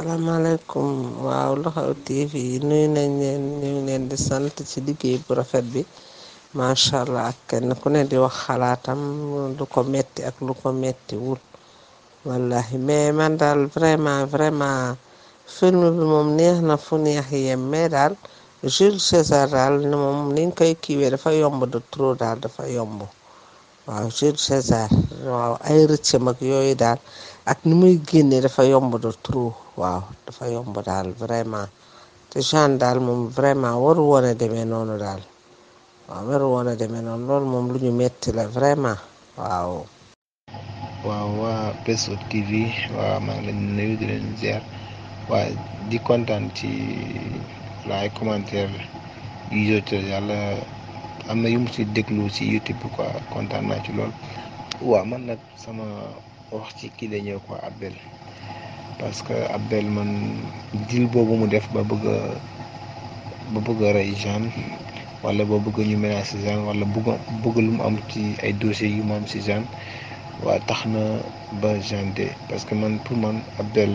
asalaamaaleykum waaw lu xew TV nuyu nañ leen ñu ngi leen di sant ci liggéey bu rafet bi macha allah ak ku nen di wax xalaatam lu ko metti ak lu ko metti wul wallahi mais man daal vraiment vraiment film bi moom neex na fu neex yem mais daal Jules César daal ne moom niñ koy kiiwee dafa yomb de daal dafa yomb waaw Jules César waaw ay rëccam ak yooyu daal. ak ni muy génnee dafa yomb de waaw dafa yomb daal vraiment te Jeanne daal moom vraiment waru woon a demee noonu daal waaw waru woon a noonu loolu moom lu ñu metti la vraiment waaw. waaw waa Pesco TV waaw maa ngi leen nuyu di leen ziar waa di kontaan ci laay commentaire yi jot yàlla am na yu mu déglu si YouTube naa ci lool waaw man nag sama. wax ci kii dañoo ko Abdel parce que Abdel man dil boobu mu def ba bëgg ba bëgg a rey Jeanne wala ba bëgg ñu menacer Jeanne wala bëgg bëgg lu mu am ci ay dossiers yu mu am si waa tax na ba Jeanne de parce que man pour man Abdel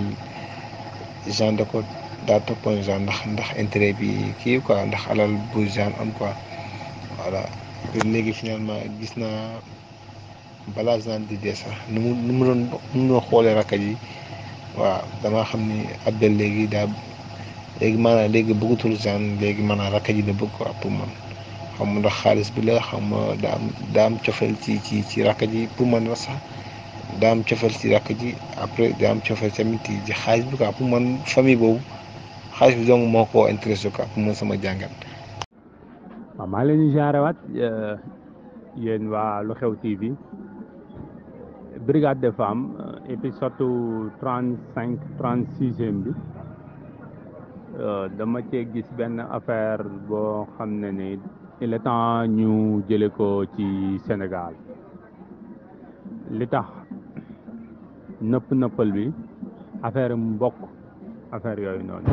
Jeanne de ko daa toppoon Jeanne ndax ndax intérêt bi kii quoi ndax alal bu Jeanne am quoi voilà léegi finalement gis naa. balaa naan di dee sax nu mu nu mu doon nu mu doon xoolee rakkat yi waaw dama xam ni Abdel léegi daa léegi maanaam léegi bëggatul genre léegi maanaam rakkat ji da bëgg ko pour man xam nga ndax xaalis bi la xam nga daa am cofeel ci ci ci rakkat yi pour man la sax daa am cofeel ci rakkat yi après daa am cofeel tamit ci xaalis bi quoi pour man famille boobu xaalis bi donc moo ko intéressé ko pour man sama jàngat. waaw maa ngi eh, waa Lu Xew TV. brigade des femmes euh, épisode trente cinq trente sixième bi euh, dama cee gis benn affaire boo xam ne ni le est temps ñu jële ko ci Sénégal li tax nëpp nëppal bi affaire mbokk affaire yooyu noonu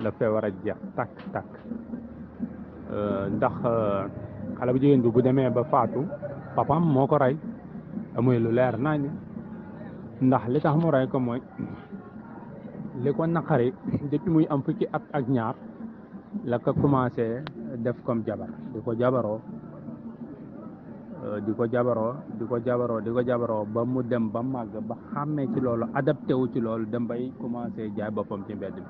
la fee war a jeex takk takk euh, ndax xale bu jigéen bi bu demee ba faatu papaam moo ko rey amuy lu leer nañ ndax li tax mu rey ko mooy li ko naqari depuis muy am fukki at ak ñaar la ko commencé def comme jabar di ko jabaroo di ko jabaroo di ko jabaroo di ko jabaroo ba mu dem ba màgg ba xàmmee ci loolu adapté wu ci loolu dem bay commencé jaay boppam ci mbedd bi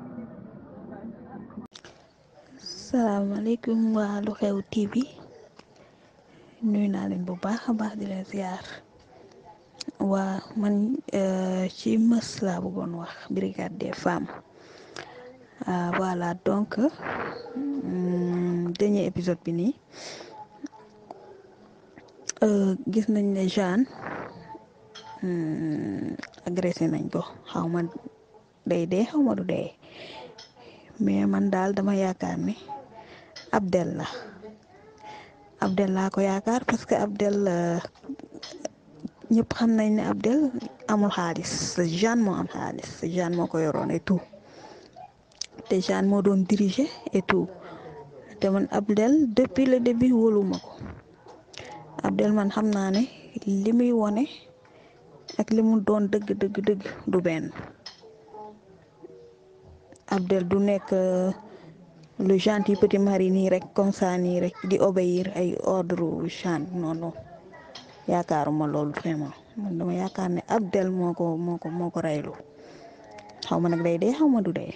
salaamaaleykum waa lu xew TV nuyu naa leen bu baax a baax di leen ziar waa man eh, ci mës laa bëggoon wax brigade des femmes ah, voilà donc hmm, dernier épisode bi nii euh, gis nañ ne Jeanne hmm, agressé nañ ko xaw ma day dee xaw ma du dee mais man daal dama yaakaar ni Abdel la Abdel laa ko yaakaar parce que Abdel euh, ñëpp xam nañ ne Abdel amul xaalis Jeanne moo am xaalis Jeanne moo ko yoroon et tout te Jeanne moo doon diriger et tout te man Abdel depuis le début wóoluma ko Abdel man xam naa ne li muy wone ak li mu doon dëgg dëgg dëgg du benn Abdel du nekk euh, le gentil petit mari nii rek comme nii rek di obéir ay ordre Jeanne non yaakaaruma loolu vraiment man dama yaakaar ne Abdel moo ko moo ko moo ko reylu xaw ma nag day dee xaw ma du dee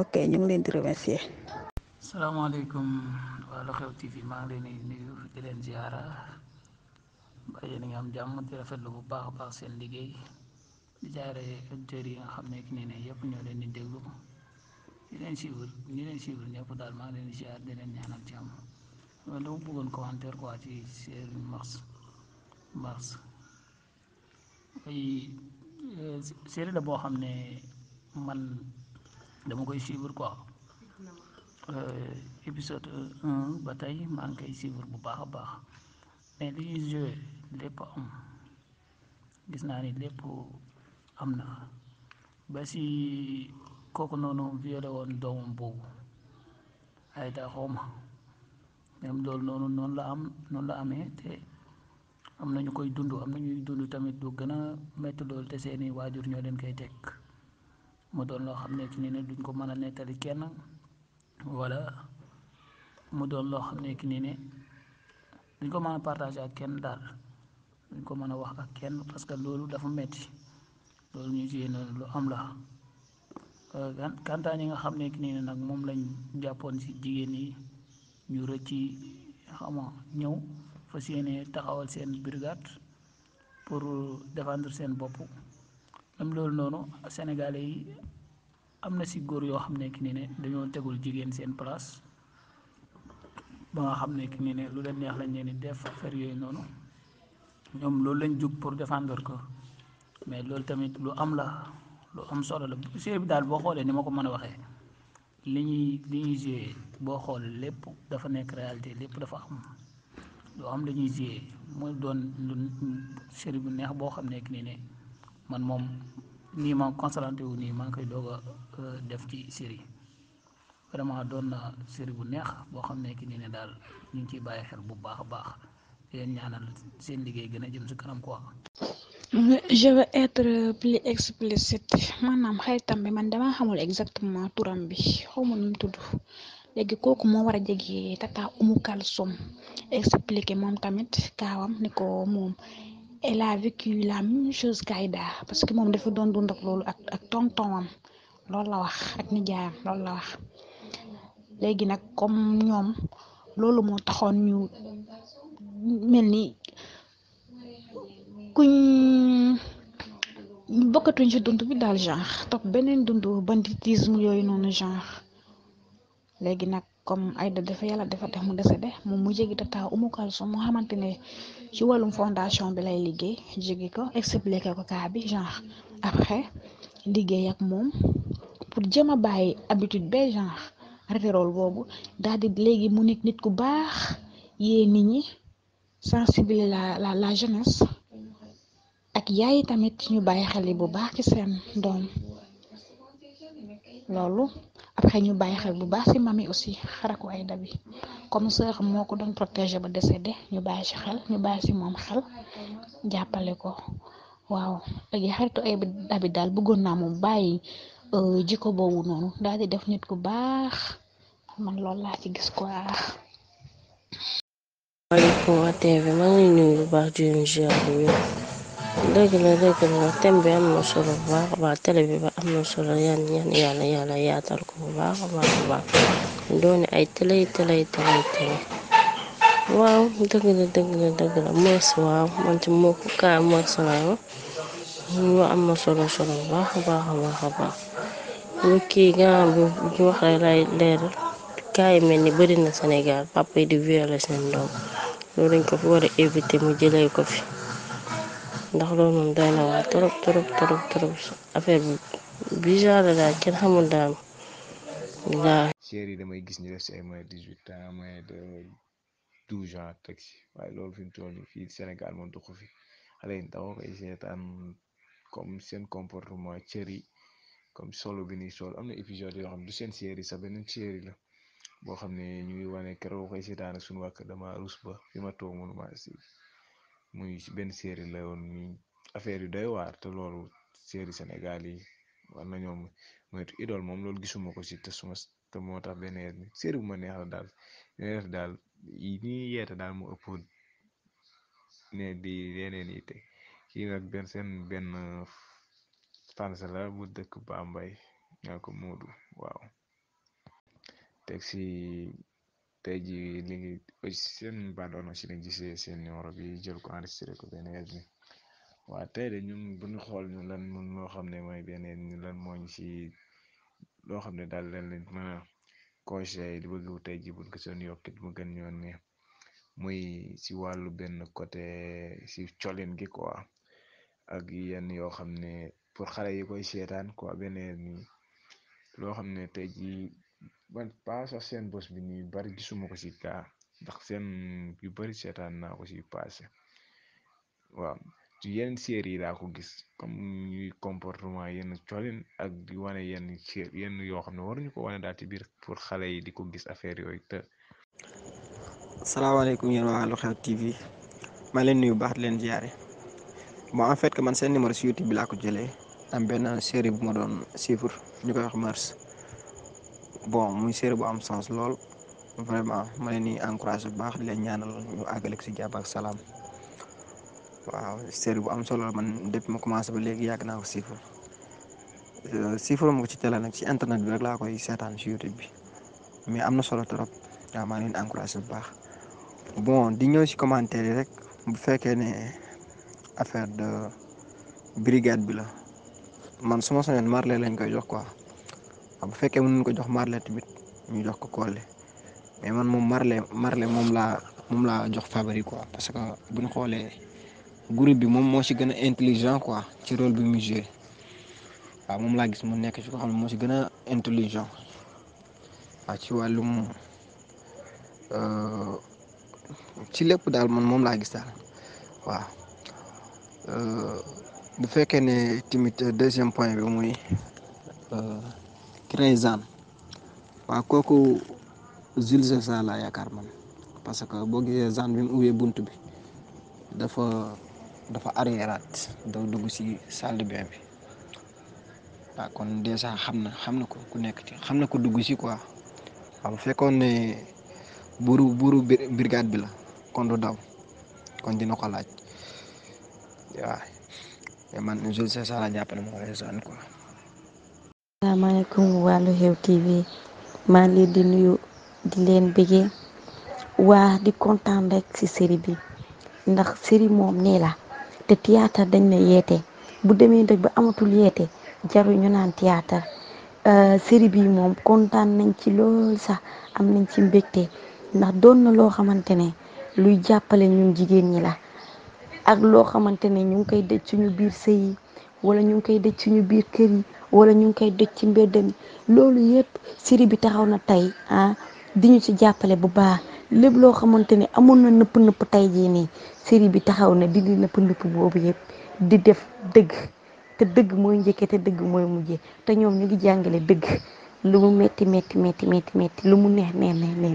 ok ñu ngi leen di remercier. salaamaaleykum waa Lu Xew TV maa ngi leen di nuyu di leen ziara ba yéen nga am jàmm di rafetlu bu baax a baax seen liggéey di jaare auditeurs yi nga xam ne ne ne yëpp ñoo leen di déglu ñu leen siiwul ñu leen siiwul ñëpp daal maa ngi leen di ziar di leen ñaanal jàmm. loolu dama ko commentaire quoi ci série mars mars ay euh, série la boo xam ne man dama koy sivre quoi euh, épisode un ba tey maa ngi koy suivre bu baax a baax mais li ñuy lépp am gis naa ni lépp am na ba si kooku noonu violé boobu ay daa xawma même loolu noonu noonu la am noonu la amee te am na ñu koy dund am na ñuy dund tamit du gën a métti loolu te seeni waajur ñoo leen koy teg mu doon loo xam ne ki nii ne duñ ko mën a nettali kenn wala mu doon loo xam ne ki ne duñ ko mën a partager ak kenn daal duñ ko mën a wax ak kenn parce que loolu dafa metti loolu ñu ci yéen lu am la euh, kantaan yi nga xam ne ki nii ne nag moom lañ jàppoon si jigéen yi ñu ci xama ñëw fa yéene taxawal seen brigade pour defendre seen bopp même loolu noonu sénégalais yi am na si góor yoo xam ne ki ne ne dañoo tegul jigéen seen place ba nga xam ne ki ne ne lu leen neex lañ leen di def affaire yooyu noonu ñoom loolu lañ jug pour défendre ko mais loolu tamit lu am la lu am solo la série bi daal boo xoolee ni ma ko mën a waxee li ñuy li ñuy joué boo xool lépp dafa nekk réalité lépp dafa am loo am la ñuy joué doon lu série bu neex boo xam ne nekk nii ne man moom nii ma concentré wu nii maa ngi koy doog a euh, def ci série vraiment doon na série bu neex boo xam ne nekk nii ne daal ñu ngi ciy bàyyi xel bu baax a baax di leen ñaanal seen liggéey gën a jëm si kanam quoi. je veux être plus maanaam xaritam bi man dama xamul exactement turam bi xawma num tudd léegi kooku moo war a jege tata Umu Kalsum expliqué moom tamit kaawam ni ko moom elle la vécu la même chose kayda parce que moom dafa doon dund ak loolu ak ak tontonam loolu la wax ak nijaayam loolu la wax léegi nag comme ñoom loolu moo taxoon ñu mel ni kuñ bokkatuñ ci dund bi daal genre topp beneen dund banditisme yooyu noonu genre léegi nag comme Aïda dafa yàlla dafa def mu de moom mu jéggi tata Umu Kalsum mu xamante ne ci wàllum fondation bi lay liggéey jéggi ko expliqué ko kaa bi genre après liggéey ak moom pour jëm a bàyyi habitude bee genre rétérool boobu daal di léegi mu nit nit ku baax yee nit ñi sensibiliser la la la jeunesse. ak yaay tamit ñu bàyyi xel bu baax ci seen doom loolu après ñu bàyyi xel bu baax ci mami aussi xaraku ay dabi comme sœur moo ko doon protégé ba décédé ñu bàyyi ci ñu bàyyi ci moom xel jàppale ko waaw ak xaritu ay dabi daal bëggoon naa moom bàyyi euh, jikko boobu noonu daal def nit ku baax man loolu laa ci gis ko waax dëgg la dëgg la thème bi am na solo bu baax baax télé bi ba am na solo yan yan yàlla yàlla yaatal ko bu baax baax baax doone ay télé télé télé télé waaw dëgg la dëgg la dëgg la mës waaw man ci moo ko kaa mës laay wax ñu am na solo solo bu baax baax baax baax kii gannaaw bi ñu wax lay leeral kaa mel ni bëri na Sénégal papa yi di violer seen loolu dañ ko fi war a éviter mu jëlee ko fi ndax loolu moom day na waa trop trop trop trop affaire bi bizarre la daal kenn xamul daal waaw. damay gis ni def si ay moins dix huit ans moins de douze ans teg waaye loolu fi mu toll nii fii Sénégal moom doxu fi xale yi ndaw koy seetaan comme seen comportement cër yi solo bi ni sol am na épisode yoo xam du seen série sax beneen série la boo xam ne ñu ngi wane keroog koy seetaan ak suñu wàkk dama rus ba fi ma toog mënu muy benn série la woon muy affaire yu doy waar te loolu série Sénégal yi war nañoo moytu idole moom loolu gisuma ko si te suma te moo tax benn série bu ma neex la daal neex daal yi daal mu ëpp ne di yeneen yi te nag benn seen benn fans la bu dëkk Bambey ñoo ko Moodu waaw teg tey jii li ngi seen bande annonce yi lañ gisee seen numéro bi jël ko enregistré ko benn yàgg bi waaw tey de ñun bu ñu xool ñu lan mun loo xam ne mooy beneen ñu mooñ si loo xam ne daal leen lañ mën a conseil di bëgg tey jii buñ ko seen yokkit mu gën ñoon ne muy si wàllu benn côté si colin gi quoi ak yenn yoo xam ne pour xale yi koy seetaan ko a ni loo xam ne tey jii man pas sax seen bos bi nii bari gisuma ko ci kaa ndax seen yu bari seetaan naa ko ci passé waaw ci yenn série yi laa ko gis comme ñuy comportement yenn colin ak di wane yenn yenn yoo xam ne waruñu ko wane daal ci biir pour xale yi di ko gis affaire yooyu te. salaamaaleykum yéen waa Lu TV maa leen nuyu baax leen jaare bon en fait que man seen numéro si YouTube bi laa ko jëlee am benn série bu ma doon suivre ñu koy wax Mœurs. bon muy série bu am sens lool vraiment ma leen di encouragé bu baax di leen ñaanal ñu àggale si jàmm ak salaam waaw série bu am solo man depuis ma commencé ba léegi yàgg naa ko siifal euh, siifal ci télé nag ci internet bi rek laa koy seetaan si YouTube bi mais am na solo trop waaw maa leen encouragé bu baax bon di ñëw si commentaire rek bu fekkee ne affaire de brigade bi la man su ma soñoon Marley lañ koy jox quoi. bu fekkee mën ko jox marle tamit ñu jox ko Collé mais man moom marle marle moom laa moom laa jox Fabry quoi parce que bu ñu xoolee groupe bi moom moo ci gën a intelligent quoi ci rôle bi mu waaw moom laa gis mu nekk ci ko xam ne moo ci gën a intelligent waaw ci wàllum euh, ci lépp daal man moom laa gis daal euh, bu fekkee ne tamit deuxième point bi muy. Euh, Crayzane waaw kooku Jules sa laa yaakaar man parce que boo gisee Zane bi mu ubbee bunt bi dafa dafa arriéraat doo dugg si salle de bain bi kon dèjà xam na xam na ko ku nekk xam na ko dugg si quoi waaw fekkoon ne buuru buuru bi la kon du daw kon dina ko laaj waaw mais man Jules César laa jàpp ne moo lay salaamaaleykum wàllu xew tv maa ngi leen di nuyu di leen bëggee waa di kontaan rek ci série bi ndax série moom nii la te théâtre dañ na yeete bu demee dëgg ba amatul yeete jaru ñu naan théâtre euh, série bi moom kontaan nañ ci lool sax am nañ ci mbégte ndax doon na loo xamante ne luy jàppale ñun jigéen ñi la ak loo xamante ne ñu ngi koy dëj suñu biir sëy yi wala ñu koy dëj suñu biir kër yi wala ñu ngi koy dëj ci mbedd loolu yépp série bi taxaw na tey ah di ñu ci jàppale bu baax lépp loo xamante ni amoon na nëpp nëpp tey jii nii série bi taxaw na di di nëpp nëpp boobu yépp di def dëgg te dëgg mooy njëkkee te dëgg mooy mujjee te ñoom ñu ngi jàngale dëgg lu mu metti metti metti metti metti lu mu neex neex neex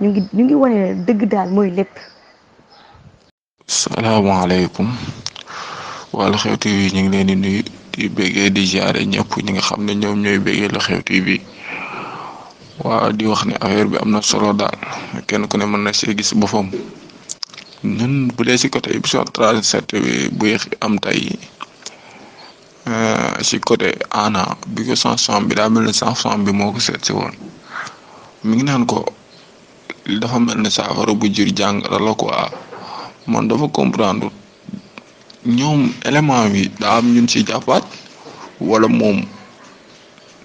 ñu ngi ñu ngi wane dëgg daal mooy lépp. salaamaaleykum. Lu Xew TV ñu ngi leen di nuyu di bëggee di ziare ñëpp ñi nga xam ne ñoom ñooy bëggee Lu Xew TV waaw di wax ne affaire bi am na solo daal kenn ku ne mën na see gis boppam ñun bu dee si côté émission 37 bi bu am tey euh, si côté ana bi ko chanson bi daa mel ne chanson bi moo ko seet si woon mi ngi naan ko dafa mel ne saafara bu jur jàng la quoi man dafa comprendre. ñoom élément bi daa am ñun ci jàppaat wala moom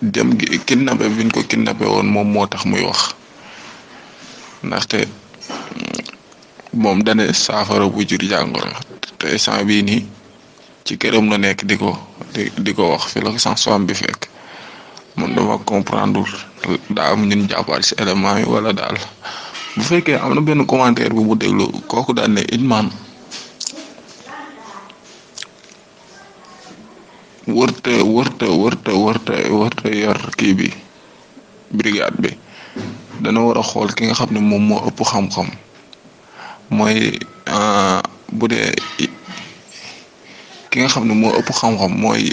dem gi kidnappé bi ñu ko kidnappé woon moom moo tax muy wax ndaxte moom dane saafara bu jur jàngoro te instant bii nii ci këram la nekk di ko di di ko wax fi la ko sans bi fekk man dama comprendre daa am ñun jàppaat si élément yi wala daal bu fekkee am na benn commentaire bu mu déglu kooku daan ne Ilimane wërta wërta wërta wërta wërta yor kii bi brigade bi dana war a xool ki nga xam ne moom moo ëpp xam mooy euh, bu dee nga xam ne moo ëpp xam-xam mooy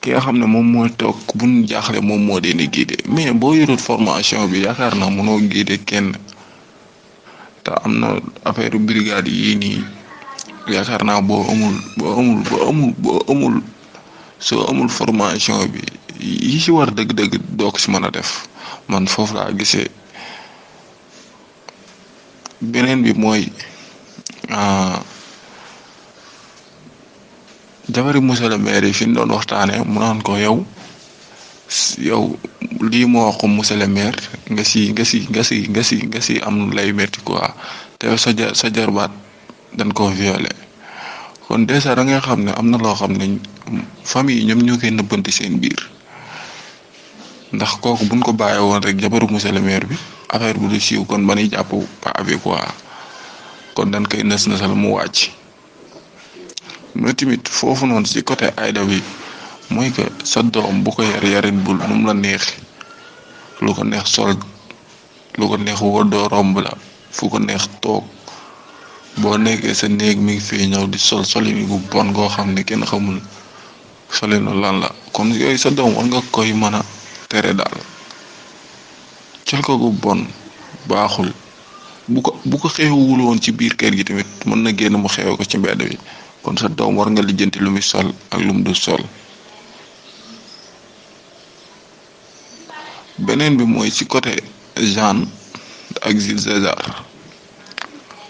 ki nga xam ne moom mooy toog bu jaaxle moom moo deen di guider mais boo yorut formation bi yaakaar na mënoo giide kenn te am na affaire brigade yii nii yaakaar naa boo amul boo amul boo amul boo soo amul formation bi yi ci war dëgg-dëgg doo ko ci mën a def man foofu laa gisee beneen bi mooy ah, jabari monsieur le maire yi fi ñu doon waxtaanee mu naan ko yow yow lii moo wax ko monsieur le maire nga si nga si nga si nga si nga am lay métti quoi te sa sa jarbaat. dañ ko violé kon dèjà da ngay xam ne am na loo xam ne famille ñoom ñoo koy nëbbanti seen biir ndax kooku buñ ko bàyyi woon rek jabaru monsieur le maire bi affaire bu du siiw kon ba nuy jàpp pas avec quoi kon dañ koy nës nësal mu wàcc mais tamit foofu noonu ci côté ayda bi mooy que sa doom bu ko yar yarin bul nu la neex lu ko neex sol lu ko neex woo doo fu ko neex toog boo nekkee sa néeg mi ngi fii ñëw di sol solin bu bon goo xam ne kenn xamul solinu lan la kon yooyu sa doom war nga koy mën a tere daal col ko gu bon baaxul bu ko bu ko xeewul woon ci biir kër gi tamit mën na génn mu xeew ko ci mbedd bi kon sa doom war nga lijjanti lu muy sol ak lu mu du sol beneen bi mooy ci côté Jeanne ak Jules César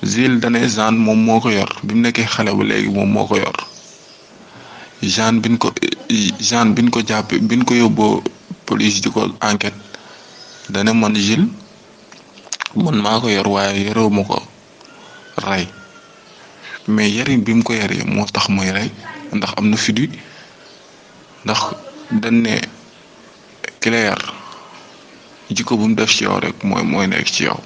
Jules dane Jean moom moo ko yor bi mu nekkee xale ba léegi moom moo ko yor Jean bin ko Jean biñ ko jàppee bin ko yóbboo police di ko enquête dane man Jules man maa ko yor waaye yorewu ko rey mais yarin bi mu ko yaree moo tax muy rey ndax am na fit ndax dañ ne ki la jikko bu mu def ci yow rek mooy mooy nekk ci yow.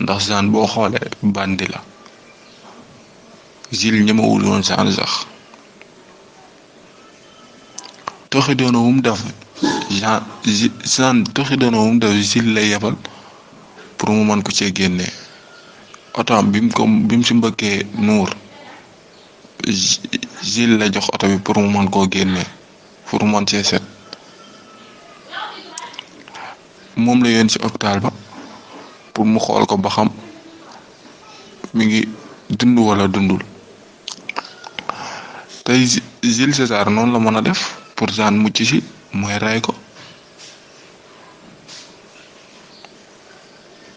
ndax Jean boo xoolee bandi la Jules ñemewul woon Jean sax toxi doona wu mu def Jean Jean toxi doona wu lay yebal pour mu mën ko cee génnee otoom bi mu mbëkkee nuur Jules la jox oto bi pour mu mën koo génnee pour mu mën cee set moom la yoon ci hôpital ba pour mu xool ko ba xam mi ngi dund wala dundul tey Jules César noonu la mën a def pour Jeanne mucc ci mooy rey ko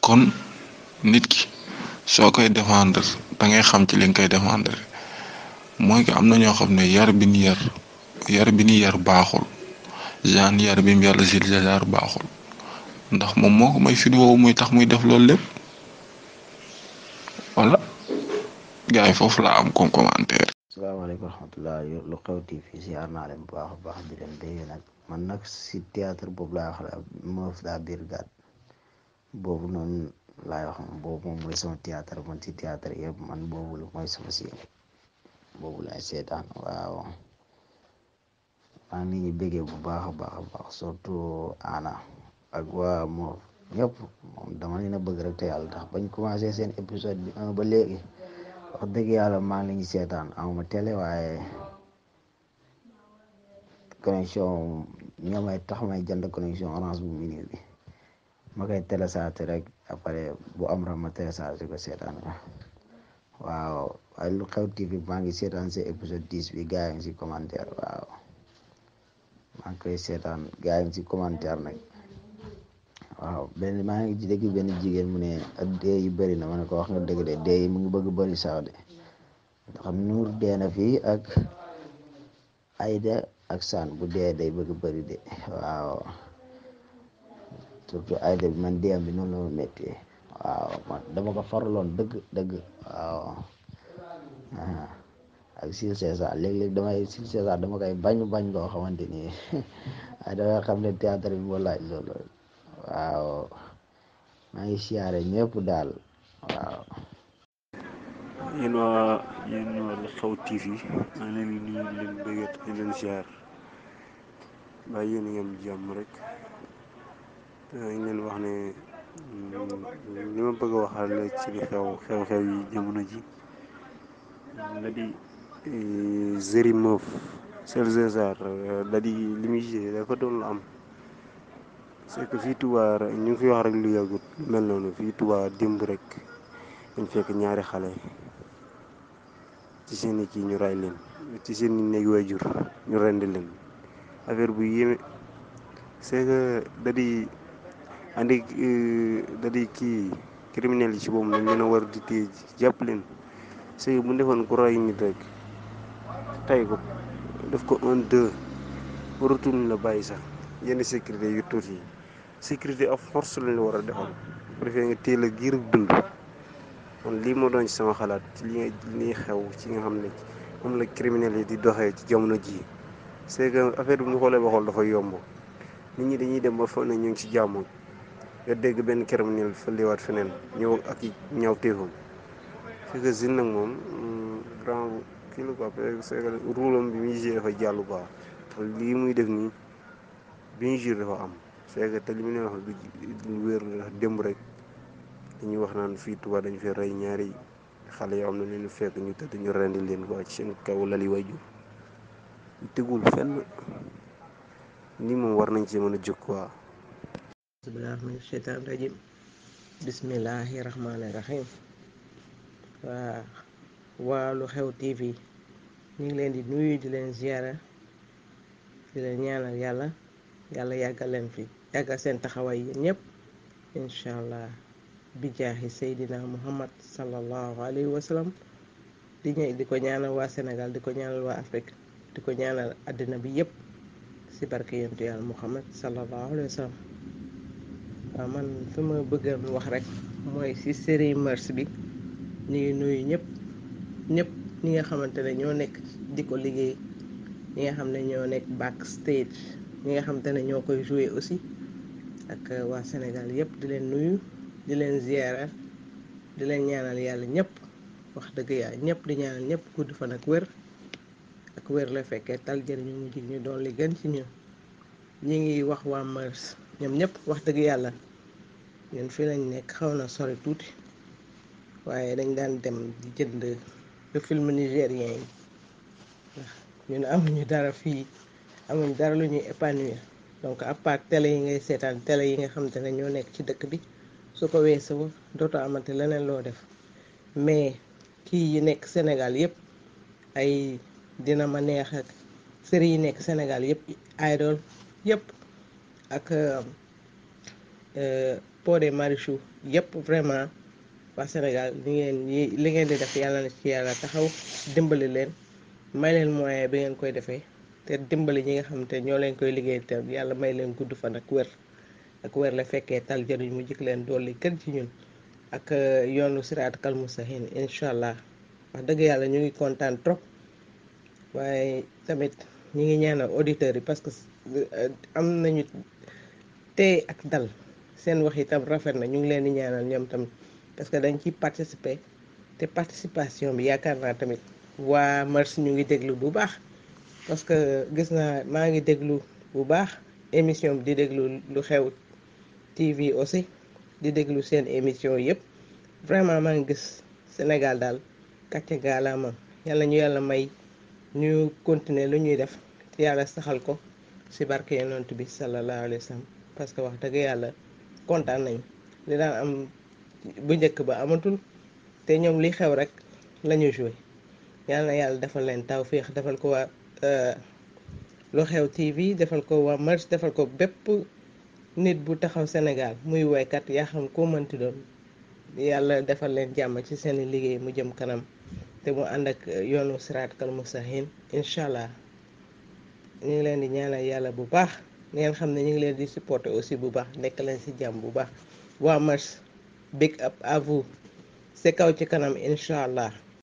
kon nit ki soo koy défendre da ngay xam ci li nga koy défendre mooy que am na ñoo xam ne yar bi ñu yar yar bi ñu yar baaxul Jeanne yar bi mu yar Jules César baaxul. ndax moom moo ko may fit woowu muy tax muy def loolu lépp voilà gars yi laa am comme commentaire. asalaamaaleykum wa rahmatulah lu xew TV ziar naa leen bu baax a baax di leen béyee nag man nag si théâtre boobu laay wax la Mœurs de la Brigade boobu noonu laay sama théâtre man si théâtre yëpp man boobu mooy sama si boobu laay seetaan waaw maa ngi bëggee bu baax a baax a baax surtout Ana. ak waa Mor ñëpp moom dama leen a bëgg rek te yàlla tax bañ commencé seen épisode bi un ba léegi wax dëgg yàlla maa ngi leen di seetaan amuma télé waaye connexion ñoo may tax may jënd connexion orange bu mini bi ma koy téléchargé rek après bu am ra ma téléchargé ko seetaan ko waaw waaye lu xew TV maa ngi seetaan seen épisode dix bi gars yi ngi si commentaire waaw maa ngi koy seetaan gars yi ngi si commentaire nag. waaw benn maa ngi ci dëkk benn jigéen mu ne ak dee yi bëri na ma ne ko wax nga dëgg de dee yi mu ngi bëgg bari sax de xam nuur dee na fii ak ayda ak saan bu dee day bëgg bari de waaw surtout ayda bi man dee bi noonu la ma méttee waaw dama ko faraloon dëgg dëgg waaw ak sil César léeg-léeg damay sil César dama koy bañ bañ loo xamante ni ay damay xam ne théâtre bi moo laaj waaw maa ngi siyaare ñëpp daal waaw. yéen waa yéen waa Lu Xew TV maa ngi leen di nuyu leen bëggat di leen siyaar rek dañ leen wax ne mm, li ma bëgg a waxal ci li xew xew-xew yi jamono ji la di eh, Zery Meuve Sel César eh, la di li muy dafa doon lu am. c'est que fii Touba ñu ngi fi wax rek lu yàggut mel noonu fii Touba démb rek dañ fekk ñaari xale ci seen i kii ñu ray leen ci seen i néeg waajur ñu rendi leen affaire bu yéeme c'est que da di andi euh, da kii criminel yi ci boobu dañ leen a war di téye jàpp leen c'est que bu ñu defoon ku ray ko def ko un la bàyyi sax yenn sécurité yu tuuti sécurité ak force lañu war a defal bu a giir dund lii moo doon ci xalaat ci li li xew ci nga xam ne moom la criminels yi di doxee ci jamono jii c'est affaire bi mu xoolee ba xool yomb nit ñi dañuy dem ba foog ne ñu ngi ci jàmm nga dégg benn criminel fa feneen ñëw ak i ñaaw téefam c'est que zine nag moom mm, grand kii la quoi c'est que roulam bi muy joué def nii bi ñu jur dafa am c'est te li mu ne wax du wéeru ndax rek dañuy wax naan fii Tuubaa dañu fi rey ñaari xale yoo am ne leen fekk ñu tëdd ñu rendi leen ko ci seen kaw lali waajur tegul fenn ni moom war nañ ci mën a jóg quoi bismillahi min sheytaan rajim bismillahi rahmaani rahim waa waa lu xew TV ñu ngi leen di nuyu di leen ziyaara di leen ñaanal yàlla yàlla yàggal leen fi yàggal seen taxawaay yéen ñëpp incha allah bi jaaxi Seydina Muhammad sallallahu alayhi wa di ñëw di ko ñaanal waa Sénégal di ko ñaanal waa Afrique di ko ñaanal àddina bi yëpp si barke yontu yàlla Muhammad sallallahu alayhi wa sallam waaw man fi ma bëggoon wax rek mooy si série mœurs bi ñu ngi nuyu ñëpp ñëpp ñi nga xamante ne ñoo nekk di ko liggéey ñi nga xam ne ñoo nekk backstage ñi nga xam ne ñoo koy joué aussi ak euh, waa senegal yëpp di leen nuyu di leen ziaral di leen ñaanal yàlla ñëpp wax dëgg yàlla ñëpp di ñaanal ñëpp gudd fan ak wër ak wër la fekkee tal jëriñu mu jig ñu doon li gën ci ñun ñu ngi wax waa mars ñoom ñëpp wax dëgg yàlla ñun fii lañ nekk xaw na sori tuuti waaye dañ daan dem di jënd film nigérien yi ndax ñun amuñu dara fii amuñ dara lu ñuy épanouir donc à part télé yi ngay seetaan télé yi nga xamante ne ñoo nekk ci dëkk bi su ko weesoo dootoo amante leneen loo def mais kii yi nekk Sénégal yëpp ay dina ma neex ak yi nekk Sénégal yëpp idol yëpp ak euh, euh, Pod et Marichou yëpp vraiment waa Sénégal li ngeen li ngeen di def yàlla na ci yàlla taxaw dimbali leen may leen moyen bi ngeen koy defee te dimbali ñi nga xam te ñoo leen koy liggéey te yàlla may leen gudd fan ak wer ak wér la fekkee tal jëriñ mu jik leen dool li kër ci ñun ak euh, yoonu siraat kal mustaqiim incha allah wax dëgg yàlla ñu ngi kontaan trop waaye tamit ñi ngi ñaanal auditeurs yi parce que euh, am nañu tey ak dal seen wax itam rafet na ñu ngi leen ñaanal ñoom tamit parce que dañ ciy participer te participation bi yaakaar naa tamit waa mars ñu ngi déglu bu baax parce que gis naa maa ngi déglu bu baax émission bi di déglu lu xew TV aussi di déglu seen émission yëpp vraiment maa ngi gis Sénégal daal kàcce gaalaamam yàlla ñu yàlla may ñu continuer lu ñuy def te yàlla saxal ko ci barke yonent bi sallallahu alayhi wa sallam parce que wax dëgg yàlla kontaan nañ li daan am bu njëkk ba amatul te ñoom li xew rek lañu ñu yàlla na yàlla defal leen tawféex defal ko waa Euh, lu xew TV defal ko waa Mars defal ko bépp nit bu taxaw Sénégal muy woykat yaa xam ko mënti doon yàlla defal leen jàmm ci seeni liggéey mu jëm kanam te mu ànd ak yoonu siraatal mustaqiim incha allah ñu ngi leen di ñaanal yàlla bu baax ngeen xam ne ñu ngi leen di supporter aussi bu baax nekk leen ci jàmm bu baax waa Mars big up à vous kaw ci kanam incha allah.